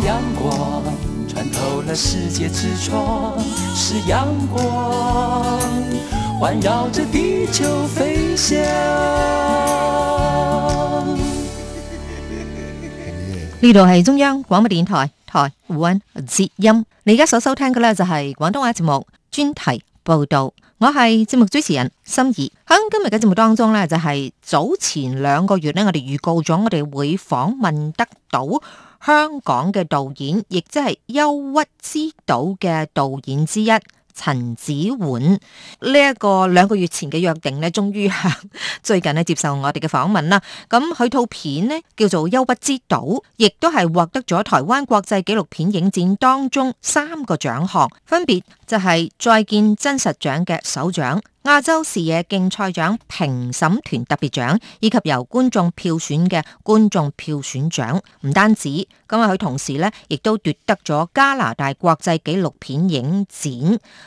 是陽光穿透了世界之窗，是陽光環繞着地球飛翔。呢度係中央廣播電台台灣之音，你而家所收聽嘅呢，就係廣東話節目專題報道，我係節目主持人心儀。響今日嘅節目當中呢，就係、是、早前兩個月呢，我哋預告咗我哋會訪問得到。香港嘅導演，亦即係《憂鬱之島》嘅導演之一陳梓桓，呢、這、一個兩個月前嘅約定咧，終於喺最近咧接受我哋嘅訪問啦。咁佢套片咧叫做《憂鬱之島》，亦都係獲得咗台灣國際紀錄片影展當中三個獎項，分別就係再見真實獎嘅首獎。亞洲視野競賽獎評審團特別獎以及由觀眾票選嘅觀眾票選獎，唔單止，咁啊佢同時咧亦都奪得咗加拿大國際紀錄片影展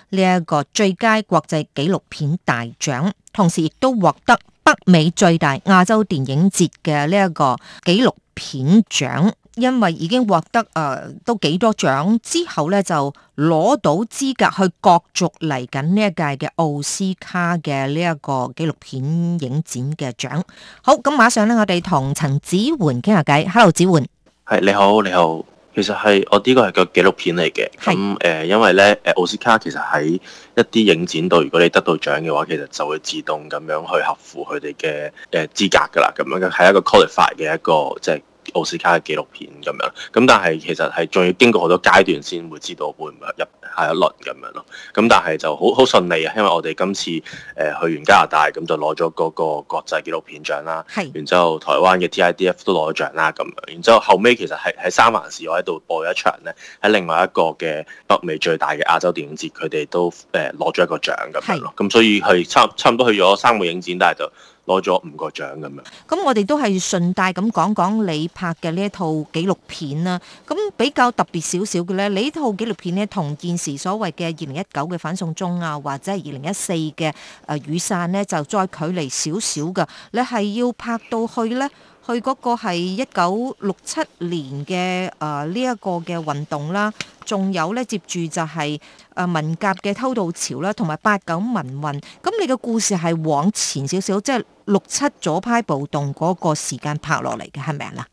呢一個最佳國際紀錄片大獎，同時亦都獲得北美最大亞洲電影節嘅呢一個紀錄片獎。因為已經獲得誒、呃、都幾多獎之後咧，就攞到資格去角逐嚟緊呢一屆嘅奧斯卡嘅呢一個紀錄片影展嘅獎。好，咁馬上咧，我哋同陳梓桓傾下偈。Hello，梓桓係，你好，你好。其實係我呢個係個紀錄片嚟嘅。咁誒是、呃，因為咧，誒奧斯卡其實喺一啲影展度，如果你得到獎嘅話，其實就會自動咁樣去合乎佢哋嘅誒資格噶啦。咁樣係一個 qualify 嘅一個即係。奧斯卡嘅紀錄片咁樣，咁但係其實係仲要經過好多階段先會知道會唔會入下一輪咁樣咯。咁但係就好好順利啊，因為我哋今次誒去完加拿大咁就攞咗嗰個國際紀錄片獎啦。係是。然之後台灣嘅 TIDF 都攞咗獎啦咁樣。然之後後尾其實係喺三藩市我喺度播咗一場咧，喺另外一個嘅北美最大嘅亞洲電影節，佢哋都誒攞咗一個獎咁是樣咯。咁所以去差差唔多去咗三個影展，但係就。攞咗五個獎咁樣！咁我哋都係順帶咁講講你拍嘅呢一套紀錄片啦、啊。咁比較特別少少嘅咧，你呢套紀錄片呢，同現時所謂嘅二零一九嘅反送中啊，或者係二零一四嘅誒雨傘呢，就再距離少少㗎。你係要拍到去呢，去嗰個係一九六七年嘅誒呢一個嘅運動啦。仲有咧，接住就係誒文革嘅偷渡潮啦，同埋八九民運。咁你嘅故事係往前少少，即係六七左派暴動嗰個時間拍落嚟嘅，係咪啊？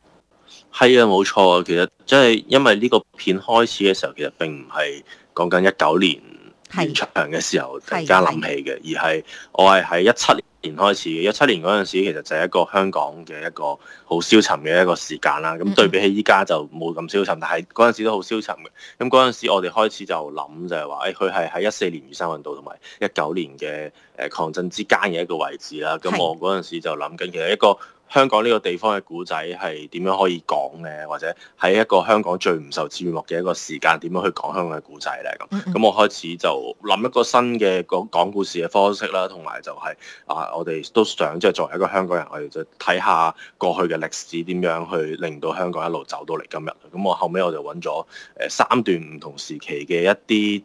係啊，冇錯啊。其實即係因為呢個片開始嘅時候，其實並唔係講緊一九年出場嘅時候突然間諗起嘅，的而係我係喺一七年。年開始嘅，一七年嗰陣時其實就係一個香港嘅一個好消沉嘅一個時間啦。咁對比起依家就冇咁消沉，但係嗰陣時都好消沉嘅。咁嗰陣時我哋開始就諗就係話，誒佢係喺一四年雨傘運動同埋一九年嘅誒抗爭之間嘅一個位置啦。咁我嗰陣時就諗緊其實一個香港呢個地方嘅古仔係點樣可以講咧？或者喺一個香港最唔受注目嘅一個時間點樣去講香港嘅古仔咧？咁、嗯、咁、嗯、我開始就諗一個新嘅講講故事嘅方式啦，同埋就係啊，我哋都想即係、就是、作為一個香港人，我哋就睇下過去嘅歷史點樣去令到香港一路走到嚟今日。咁我後尾我就揾咗誒三段唔同時期嘅一啲誒誒誒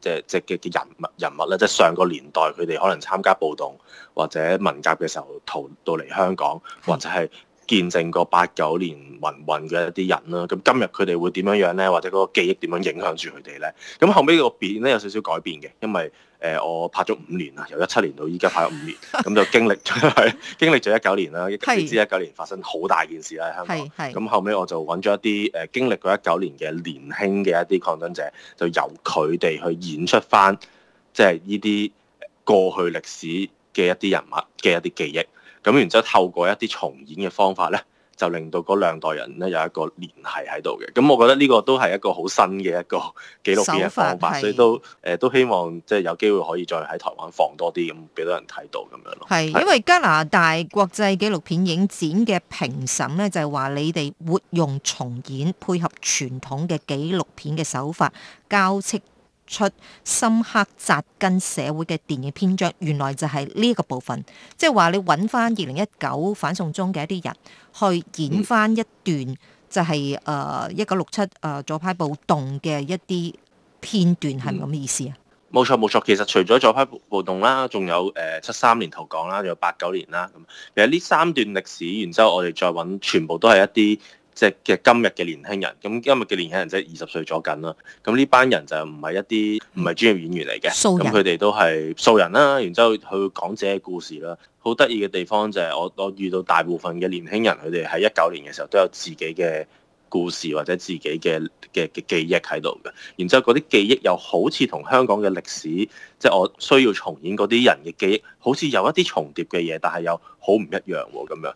即係積極嘅人物人物咧，即係上個年代佢哋可能參加暴動。或者文革嘅時候逃到嚟香港，或者係見證過八九年民運嘅一啲人啦。咁今日佢哋會點樣樣咧？或者個記憶點樣影響住佢哋咧？咁後尾個片咧，有少少改變嘅，因為誒我拍咗五年啦，由一七年到依家拍咗五年，咁就經歷咗 經歷咗一九年啦，亦知一九年發生好大件事啦香港。咁是後尾我就揾咗一啲誒經歷過一九年嘅年輕嘅一啲抗爭者，就由佢哋去演出翻，即係呢啲過去歷史。嘅一啲人物嘅一啲記憶，咁然之後透過一啲重演嘅方法咧，就令到嗰兩代人咧有一個聯繫喺度嘅。咁我覺得呢個都係一個好新嘅一個紀錄片嘅方法，法所以都誒、呃、都希望即係、就是、有機會可以再喺台灣放多啲咁，俾多人睇到咁樣咯。係是是因為加拿大國際紀錄片影展嘅評審咧，就係話，你哋活用重演配合傳統嘅紀錄片嘅手法交織。出深刻扎根社會嘅電影篇章，原來就係呢一個部分，即係話你揾翻二零一九反送中嘅一啲人去演翻一段，就係誒一九六七誒左派暴動嘅一啲片段，係咪咁嘅意思啊？嗯、冇錯冇錯，其實除咗左派暴動啦，仲有誒七三年逃港啦，仲有八九年啦，咁其實呢三段歷史，然之後我哋再揾全部都係一啲。即係今日嘅年輕人，咁今日嘅年輕人即係二十歲左近啦。咁呢班人就唔係一啲唔係專業演員嚟嘅，咁佢哋都係素人啦。然之後去講自己嘅故事啦、啊。好得意嘅地方就係我我遇到大部分嘅年輕人，佢哋喺一九年嘅時候都有自己嘅故事或者自己嘅嘅嘅記憶喺度嘅，然之後嗰啲記憶又好似同香港嘅歷史，即係我需要重演嗰啲人嘅記憶，好似有一啲重疊嘅嘢，但係又好唔一樣喎咁樣誒呢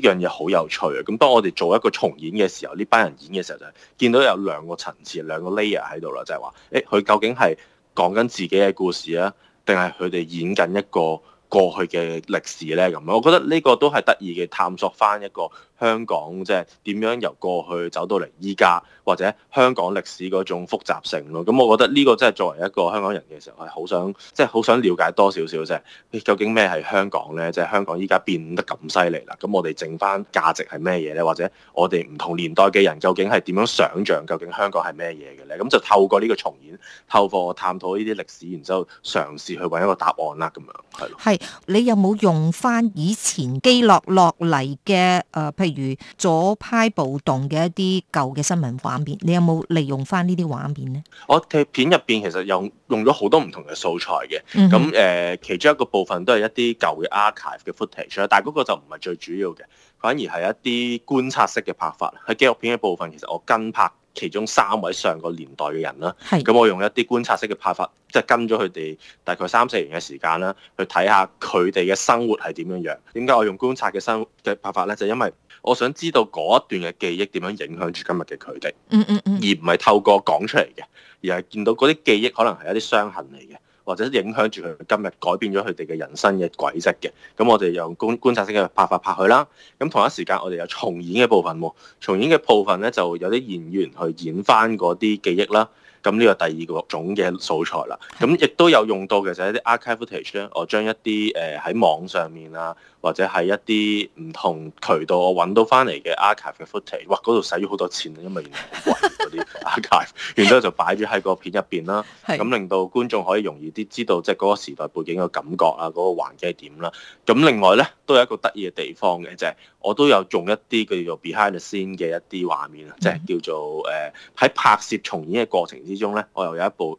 樣嘢好有趣啊！咁當我哋做一個重演嘅時候，呢班人演嘅時候就係見到有兩個層次、兩個 layer 喺度啦，就係話誒佢究竟係講緊自己嘅故事啊，定係佢哋演緊一個。過去嘅歷史咧，咁我覺得呢個都係得意嘅探索翻一個香港，即係點樣由過去走到嚟依家，或者香港歷史嗰種複雜性咯。咁我覺得呢個真係作為一個香港人嘅時候係好想，即係好想了解多少少啫，究竟咩係香港咧？即係香港依家變得咁犀利啦。咁我哋剩翻價值係咩嘢咧？或者我哋唔同年代嘅人究竟係點樣想像？究竟香港係咩嘢嘅咧？咁就透過呢個重演，透過我探討呢啲歷史，然之後嘗試去揾一個答案啦。咁樣係咯。你有冇用翻以前記錄落嚟嘅誒，譬如左派暴動嘅一啲舊嘅新聞畫面？你有冇利用翻呢啲畫面咧？我嘅片入邊其實用用咗好多唔同嘅素材嘅，咁誒、呃、其中一個部分都係一啲舊嘅 archive 嘅 footage，但係嗰個就唔係最主要嘅，反而係一啲觀察式嘅拍法。喺紀錄片嘅部分，其實我跟拍。其中三位上個年代嘅人啦，咁是我用一啲觀察式嘅拍法，即係跟咗佢哋大概三四年嘅時間啦，去睇下佢哋嘅生活係點樣樣。點解我用觀察嘅生活嘅拍法呢？就因為我想知道嗰一段嘅記憶點樣影響住今日嘅佢哋，嗯嗯嗯，而唔係透過講出嚟嘅，而係見到嗰啲記憶可能係一啲傷痕嚟嘅。或者影響住佢今日改變咗佢哋嘅人生嘅軌跡嘅，咁我哋用觀觀察式嘅拍法拍佢啦。咁同一時間，我哋有重演嘅部分喎，重演嘅部分咧就有啲演員去演翻嗰啲記憶啦。咁呢個第二個種嘅素材啦，咁亦的都有用到嘅就係一啲 archive footage 咧。我將一啲誒喺網上面啊，或者係一啲唔同渠道我揾到翻嚟嘅 archive 嘅 footage，哇！嗰度使咗好多錢，因為原來好貴嗰啲 archive，然之後 就擺咗喺個片入邊啦。咁令到觀眾可以容易啲知道即係嗰個時代背景嘅感覺啊，嗰、那個環境係點啦。咁另外咧都有一個得意嘅地方嘅，就係、是、我都有用一啲叫做 behind the scene 嘅一啲畫面啊，即、就、係、是、叫做誒喺拍攝重演嘅過程之中。之中咧，我又有一部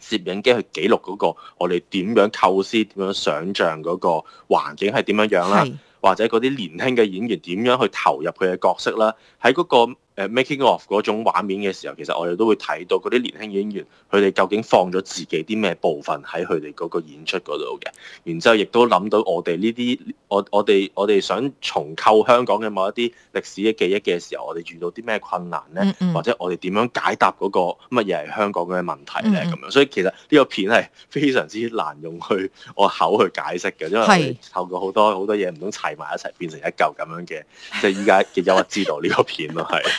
攝影機去記錄嗰、那個我哋點樣構思、點樣想象嗰個環境係點樣樣啦，是或者嗰啲年輕嘅演員點樣去投入佢嘅角色啦，喺嗰、那個。Making of 嗰種畫面嘅時候，其實我哋都會睇到嗰啲年輕演員，佢哋究竟放咗自己啲咩部分喺佢哋嗰個演出嗰度嘅。然之後亦都諗到我哋呢啲，我我哋我哋想重構香港嘅某一啲歷史嘅記憶嘅時候，我哋遇到啲咩困難咧？Mm hmm. 或者我哋點樣解答嗰個乜嘢係香港嘅問題咧？咁、mm hmm. 樣。所以其實呢個片係非常之難用去我口去解釋嘅，因為透過好多好多嘢唔通砌埋一齊變成一舊咁樣嘅，即係依家嘅《憂鬱之島》呢個片咯，係。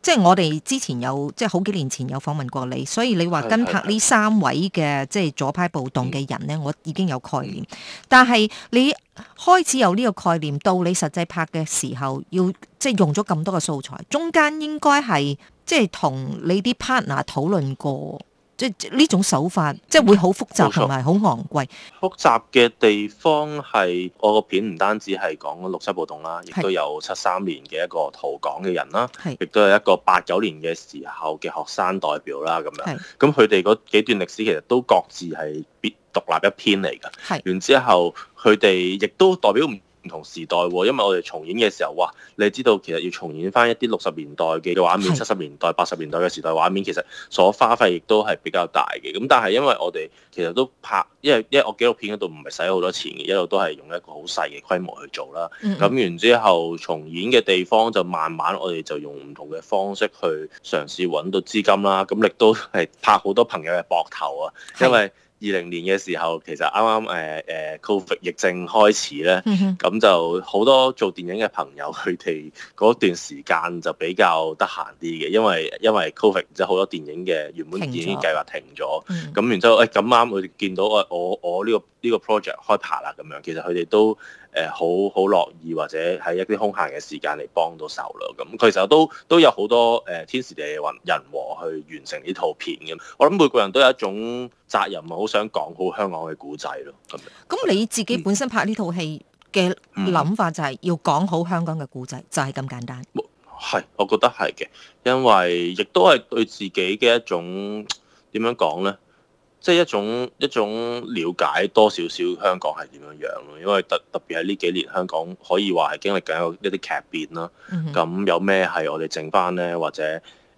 即係 我哋之前有即係、就是，好幾年前有訪問過你，所以你話跟拍呢三位嘅即係左派暴動嘅人咧，我已經有概念。但係你開始有呢個概念，到你實際拍嘅時候，要即係、就是，用咗咁多嘅素材，中間應該係即係同你啲 partner 討論過。即係呢種手法，即係會好複雜，同埋好昂貴。複雜嘅地方係我個片唔單止係講六七暴動啦，亦都是有七三年嘅一個逃港嘅人啦，亦是都係一個八九年嘅時候嘅學生代表啦，咁樣。咁佢哋嗰幾段歷史其實都各自係別獨立一篇嚟嘅。係是。然之後，佢哋亦都代表唔唔同時代喎，因為我哋重演嘅時候，哇，你知道其實要重演翻一啲六十年代嘅畫面、七十是的 年代、八十年代嘅時代畫面，其實所花費亦都係比較大嘅。咁但係因為我哋其實都拍，因為因為我紀錄片嗰度唔係使好多錢嘅，一路都係用一個好細嘅規模去做啦。咁、嗯嗯、然之後重演嘅地方就慢慢我哋就用唔同嘅方式去嘗試揾到資金啦。咁亦都係拍好多朋友嘅膊頭啊，因為。二零年嘅時候，其實啱啱誒誒 Covid 疫症開始咧，咁、Mm-hmm. 就好多做電影嘅朋友，佢哋嗰段時間就比較得閒啲嘅，因為因為 Covid 即係好多電影嘅原本電影計劃停咗，咁了然之後誒咁啱我見到我我我、這、呢個。呢個 project 開拍啦，咁樣其實佢哋都誒好好樂意，或者喺一啲空閒嘅時間嚟幫到手啦。咁其實都都有好多誒天時地利人和去完成呢套片咁。我諗每個人都有一種責任，好想講好香港嘅古仔咯。咁，咁你自己本身拍呢套戲嘅諗法就係要講好香港嘅古仔，就係、是、咁簡單。係、嗯嗯，我覺得係嘅，因為亦都係對自己嘅一種點樣講咧。即係一種一種瞭解多少少香港係點樣樣咯，因為特特別係呢幾年香港可以話係經歷緊一啲劇變啦。咁、mm hmm. 有咩係我哋剩返呢？或者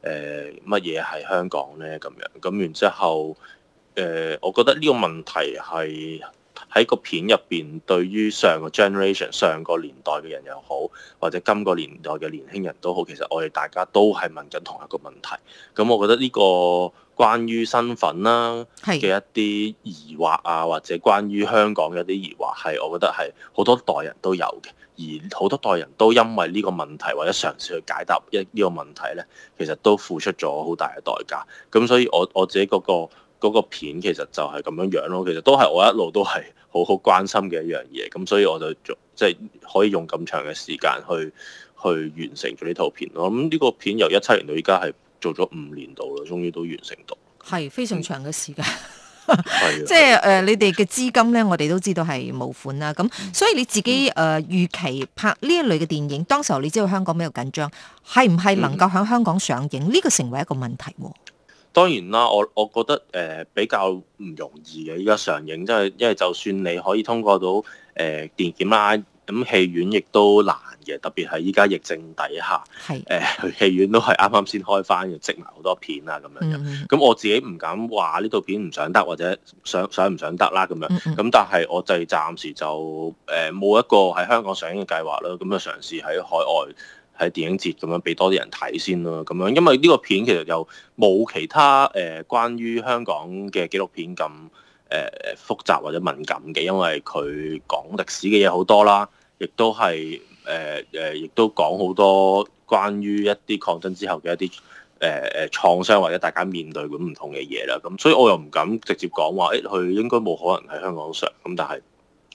誒乜嘢係香港呢？咁樣？咁然之後誒、呃，我覺得呢個問題係。喺個片入邊，對於上個 generation、上個年代嘅人又好，或者今個年代嘅年輕人都好，其實我哋大家都係問緊同一個問題。咁我覺得呢個關於身份啦嘅一啲疑惑啊，或者關於香港嘅一啲疑惑，係我覺得係好多代人都有嘅。而好多代人都因為呢個問題或者嘗試去解答一呢個問題咧，其實都付出咗好大嘅代價。咁所以我，我我自己嗰個。嗰個片其實就係咁樣樣咯，其實都係我一路都係好好關心嘅一樣嘢，咁所以我就做即係可以用咁長嘅時間去去完成咗呢套片咯。咁呢個片由一七年到依家係做咗五年度啦，終於都完成到，係非常長嘅時間。係即係誒， 的你哋嘅資金咧，我哋都知道係冇款啦。咁所以你自己誒預期拍呢一類嘅電影，嗯、當時候你知道香港比較緊張，係唔係能夠喺香港上映？呢、嗯、個成為一個問題。當然啦，我我覺得誒、呃、比較唔容易嘅依家上映，即係、就是、因為就算你可以通過到誒、呃、電檢啦，咁戲院亦都難嘅，特別係依家疫症底下，係誒去戲院都係啱啱先開翻嘅，積埋好多片啊咁樣。咁的我自己唔敢話呢套片唔上得或者上上唔上得啦咁樣。咁的但係我就係暫時就誒冇、呃、一個喺香港上映嘅計劃啦。咁啊，嘗試喺海外。喺電影節咁樣俾多啲人睇先咯，咁樣因為呢個片其實又冇其他誒、呃、關於香港嘅紀錄片咁誒誒複雜或者敏感嘅，因為佢講歷史嘅嘢好多啦，亦都係誒誒亦都講好多關於一啲抗爭之後嘅一啲誒誒創傷或者大家面對咁唔同嘅嘢啦，咁所以我又唔敢直接講話誒佢應該冇可能喺香港上，咁但係。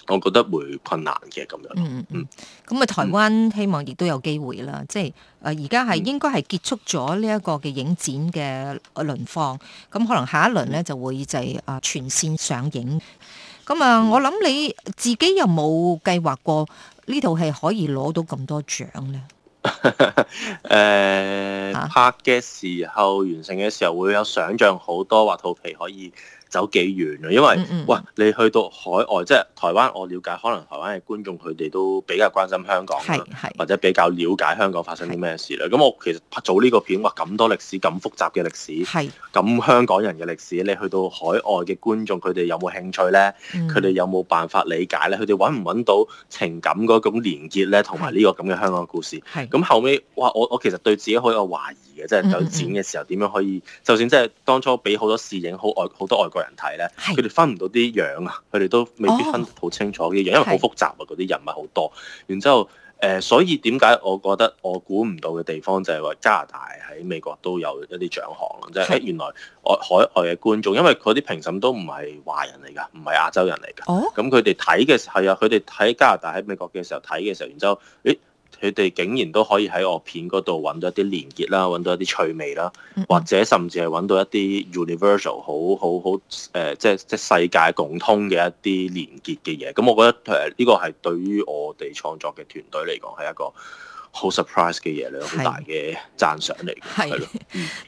我覺得會困難嘅咁樣。嗯嗯，咁啊、嗯，台灣希望亦都有機會啦。嗯、即係誒，而家係應該係結束咗呢一個嘅影展嘅輪放。咁可能下一輪咧就會就係啊全線上映。咁啊，嗯嗯、我諗你自己有冇計劃過呢套戲可以攞到咁多獎咧？誒、 呃，啊、拍嘅時候完成嘅時候會有想像好多話，套皮可以，走幾遠㗎？因為哇、嗯嗯，你去到海外，即係台灣，我了解可能台灣嘅觀眾佢哋都比較關心香港，或者比較了解香港發生啲咩事啦。咁是我其實拍咗呢個片，哇！咁多歷史，咁複雜嘅歷史，咁是香港人嘅歷史，你去到海外嘅觀眾，佢哋有冇興趣呢？佢哋、嗯、有冇辦法理解咧？佢哋揾唔揾到情感嗰種連結咧？同埋呢個咁嘅香港故事，咁、嗯、後尾，哇！我我，我其實對自己好有懷疑嘅，即、就、係、是、有錢嘅時候點樣可以，嗯、就算即係當初俾好多攝影好外好多外國人睇咧，佢哋分唔到啲樣啊，佢哋都未必分得好清楚啲樣，因為好複雜啊，嗰啲人物好多。然之後，誒、呃，所以點解我覺得我估唔到嘅地方就係話加拿大喺美國都有一啲獎項，即係的原來我海外嘅觀眾，因為嗰啲評審都唔係華人嚟㗎，唔係亞洲人嚟㗎。哦，咁佢哋睇嘅係啊，佢哋喺加拿大喺美國嘅時候睇嘅時候，然之後，咦？佢哋竟然都可以喺我片嗰度揾到一啲連結啦，揾到一啲趣味啦，或者甚至係揾到一啲 universal 好好好誒、呃，即係即係世界共通嘅一啲連結嘅嘢。咁我覺得誒呢個係對於我哋創作嘅團隊嚟講，係一個好 surprise 嘅嘢，嚟，好是大嘅讚賞嚟，係咯是了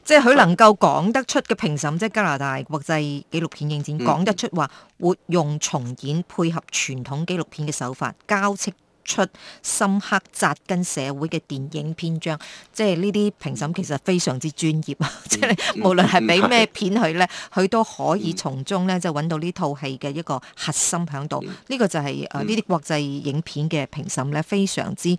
即係佢能夠講得出嘅評審，即係加拿大國際紀錄片影展講得出話活用重演，配合傳統紀錄片嘅手法交織。出深刻紮根社會嘅電影篇章，即係呢啲評審其實非常之專業啊！嗯、 即係無論係俾咩片佢咧，佢、嗯、都可以從中咧就揾到呢套戲嘅一個核心喺度。呢、嗯、個就係誒呢啲國際影片嘅評審咧非常之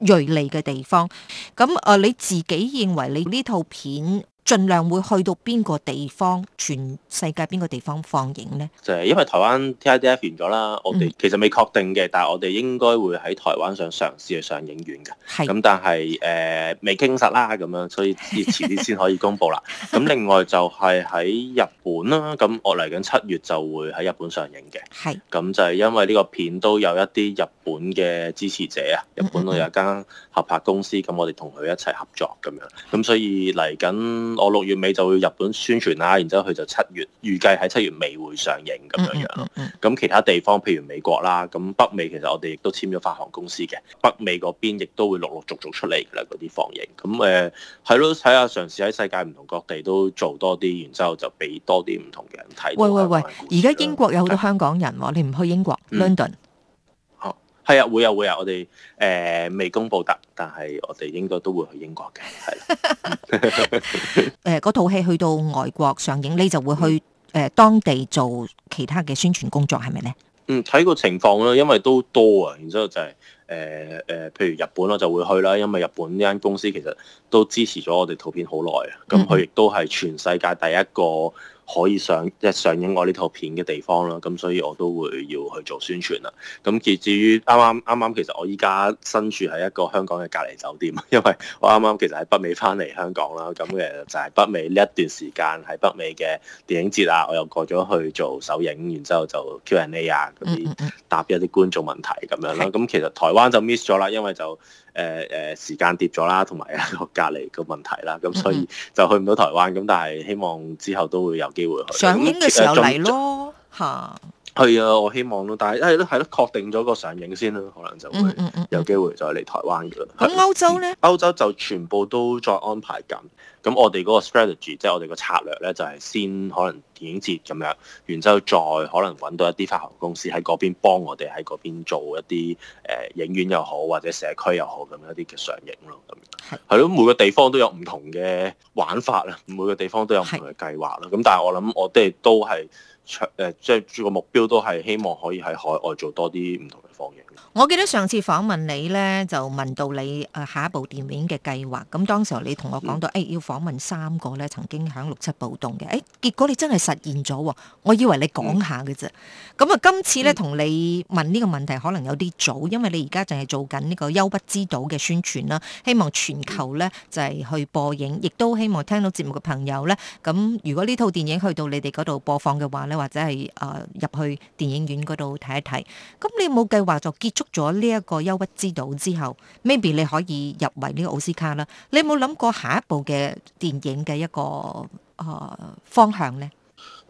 銳利嘅地方。咁誒、呃、你自己認為你呢套片？盡量會去到邊個地方？全世界邊個地方放映呢？就係因為台灣 TIDF 完咗啦，我哋其實未確定嘅，嗯、但係我哋應該會喺台灣上嘗試去上影院嘅。咁是，但係誒、呃、未傾實啦，咁樣，所以要遲啲先可以公布啦。咁 另外就係喺日本啦，咁我嚟緊七月就會喺日本上映嘅。係咁是就係因為呢個片都有一啲日本嘅支持者啊，日本都有一間合拍公司，咁 我哋同佢一齊合作咁樣，咁是所以嚟緊。我六月尾就會日本宣傳啦，然之後佢就七月預計喺七月尾尾會上映咁樣樣咯。咁、嗯嗯嗯、其他地方譬如美國啦，咁北美其實我哋亦都簽咗發行公司嘅，北美嗰邊亦都會陸陸續續出嚟噶啦嗰啲放映。咁誒係咯，睇下、呃、嘗試喺世界唔同各地都做多啲，然之後就俾多啲唔同嘅人睇。喂喂喂！而家英國有好多香港人喎，的你唔去英國 London？係啊，會啊會啊，我哋誒、呃、未公布得，但係我哋應該都會去英國嘅，係、 呃。誒嗰套戲去到外國上映，你就會去誒、呃、當地做其他嘅宣傳工作，係咪咧？嗯，睇個情況啦，因為都多啊，然之後就係誒誒，譬如日本我就會去啦，因為日本呢間公司其實都支持咗我哋圖片好耐啊，咁佢亦都係全世界第一個。可以上即係上映我呢套片嘅地方啦，咁所以我都會要去做宣傳啦。咁至至於啱啱啱啱，啱啱其實我依家身處喺一個香港嘅隔離酒店，因為我啱啱其實喺北美翻嚟香港啦。咁其實就係北美呢一段時間喺北美嘅電影節啊，我又過咗去做首映，然之後就 Q&A 啊，嗰啲答一啲觀眾問題咁樣啦。咁其實台灣就 miss 咗啦，因為就～誒誒、呃、時間跌咗啦，同埋一個隔離個問題啦，咁所以就去唔到台灣。咁但係希望之後都會有機會去上映嘅時候嚟咯嚇。還還係啊，我希望咯，但係係咯，係咯，確定咗個上映先啦，可能就會有機會再嚟台灣嘅。咁歐洲咧？歐洲就全部都再安排緊。咁我哋嗰個 strategy，即係我哋個策略咧，就係、是、先可能電影節咁樣，然之後再可能揾到一啲發行公司喺嗰邊幫我哋喺嗰邊做一啲誒、呃、影院又好，或者社區又好，咁樣一啲嘅上映咯。咁係係咯，每個地方都有唔同嘅玩法啦，每個地方都有唔同嘅計劃啦。咁的但係我諗我哋都係。長誒，即係個目標都係希望可以喺海外做多啲唔同。我記得上次訪問你咧，就問到你誒、啊、下一部電影嘅計劃。咁當時候你同我講到誒、嗯哎、要訪問三個咧曾經響六七暴動嘅，誒、哎、結果你真係實現咗喎。我以為你講下嘅啫。咁啊、嗯，今次咧同、嗯、你問呢個問題可能有啲早，因為你而家淨係做緊呢個《憂鬱之島》嘅宣傳啦。希望全球咧、嗯、就係去播映，亦都希望聽到節目嘅朋友咧，咁如果呢套電影去到你哋嗰度播放嘅話咧，或者係誒入去電影院嗰度睇一睇，咁你有冇計劃？話就結束咗呢一個憂鬱之島之後，maybe 你可以入圍呢個奧斯卡啦。你有冇諗過下一部嘅電影嘅一個誒、呃、方向呢？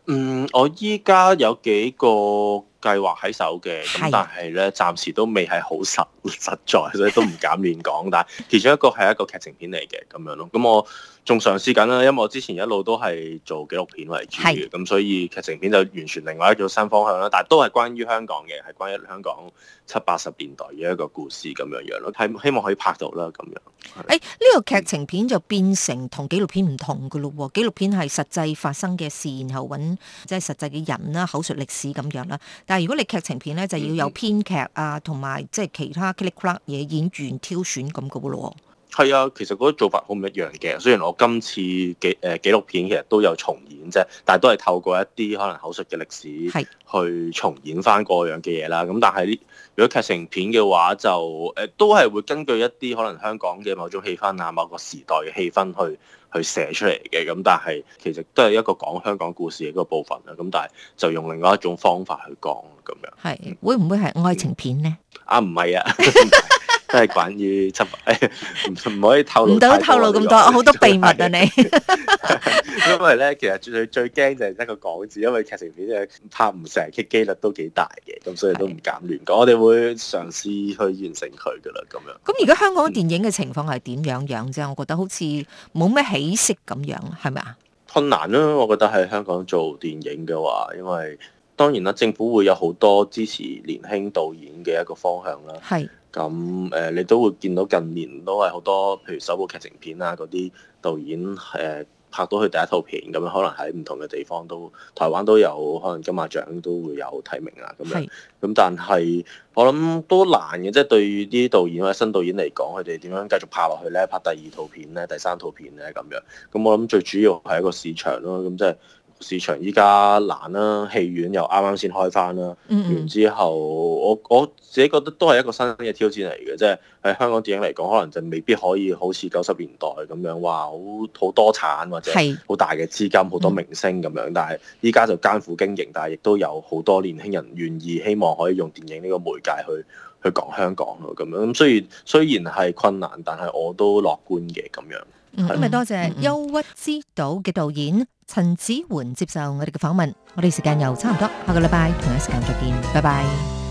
嗯，我依家有幾個。計劃喺手嘅，咁但係咧暫時都未係好實實在，所以都唔敢亂講。 但係其中一個係一個劇情片嚟嘅咁樣咯。咁我仲嘗試緊啦，因為我之前一路都係做紀錄片為主，咁 所以劇情片就完全另外一種新方向啦。但係都係關於香港嘅，係關於香港。七八十年代嘅一個故事咁樣樣咯，係希望可以拍到啦咁樣。誒，呢、哎這個劇情片就變成同紀錄片唔同嘅咯喎，紀錄片係實際發生嘅事，然後揾即係實際嘅人啦，口述歷史咁樣啦。但係如果你劇情片咧，就要有編劇、嗯、啊，同埋即係其他 click 嘢演員挑選咁嘅喎。係啊，其實嗰啲做法好唔一樣嘅。雖然我今次記誒紀錄片其實都有重演啫，但係都係透過一啲可能口述嘅歷史去重演翻各樣嘅嘢啦。咁是但係如果劇情片嘅話，就誒、呃、都係會根據一啲可能香港嘅某種氣氛啊，某個時代嘅氣氛去去寫出嚟嘅。咁但係其實都係一個講香港故事嘅個部分啦。咁但係就用另外一種方法去講咁樣。係會唔會係愛情片呢？嗯、啊，唔係啊。 都係關於七唔唔可以透露。唔到透露咁多，好 多秘密啊你。 因為咧，其實最最驚就係一個講字，因為劇情片嘅拍唔成嘅幾率都幾大嘅，咁所以都唔敢亂講。我哋會嘗試去完成佢噶啦，咁樣。咁而家香港電影嘅情況係點樣、嗯、樣啫？我覺得好似冇咩起色咁樣，係咪啊？困難囉，我覺得喺香港做電影嘅話，因為當然啦，政府會有好多支持年輕導演嘅一個方向啦。係。咁誒、嗯，你都會見到近年都係好多，譬如首部劇情片啊，嗰啲導演誒拍到佢第一套片，咁樣可能喺唔同嘅地方都台灣都有可能金馬獎都會有提名啊。咁樣。咁是但係我諗都難嘅，即係對啲導演或者新導演嚟講，佢哋點樣繼續拍落去咧，拍第二套片咧，第三套片咧咁樣。咁我諗最主要係一個市場咯，咁即係。市場依家難啦，戲院又啱啱先開返啦，然、嗯嗯、之後我我自己覺得都係一個新嘅挑戰嚟嘅，即係喺香港電影嚟講，可能就未必可以好似九十年代咁樣，哇，好好多產或者好大嘅資金、好是多明星咁樣，但係依家就艱苦經營，但係亦都有好多年輕人願意希望可以用電影呢個媒介去去講香港咯，咁樣咁雖然雖然係困難，但係我都樂觀嘅咁樣。今日、嗯嗯、多謝《憂鬱之島》嘅導演陳梓桓接受我哋嘅訪問，我哋時間又差唔多，下個禮拜同一時間再見，拜拜。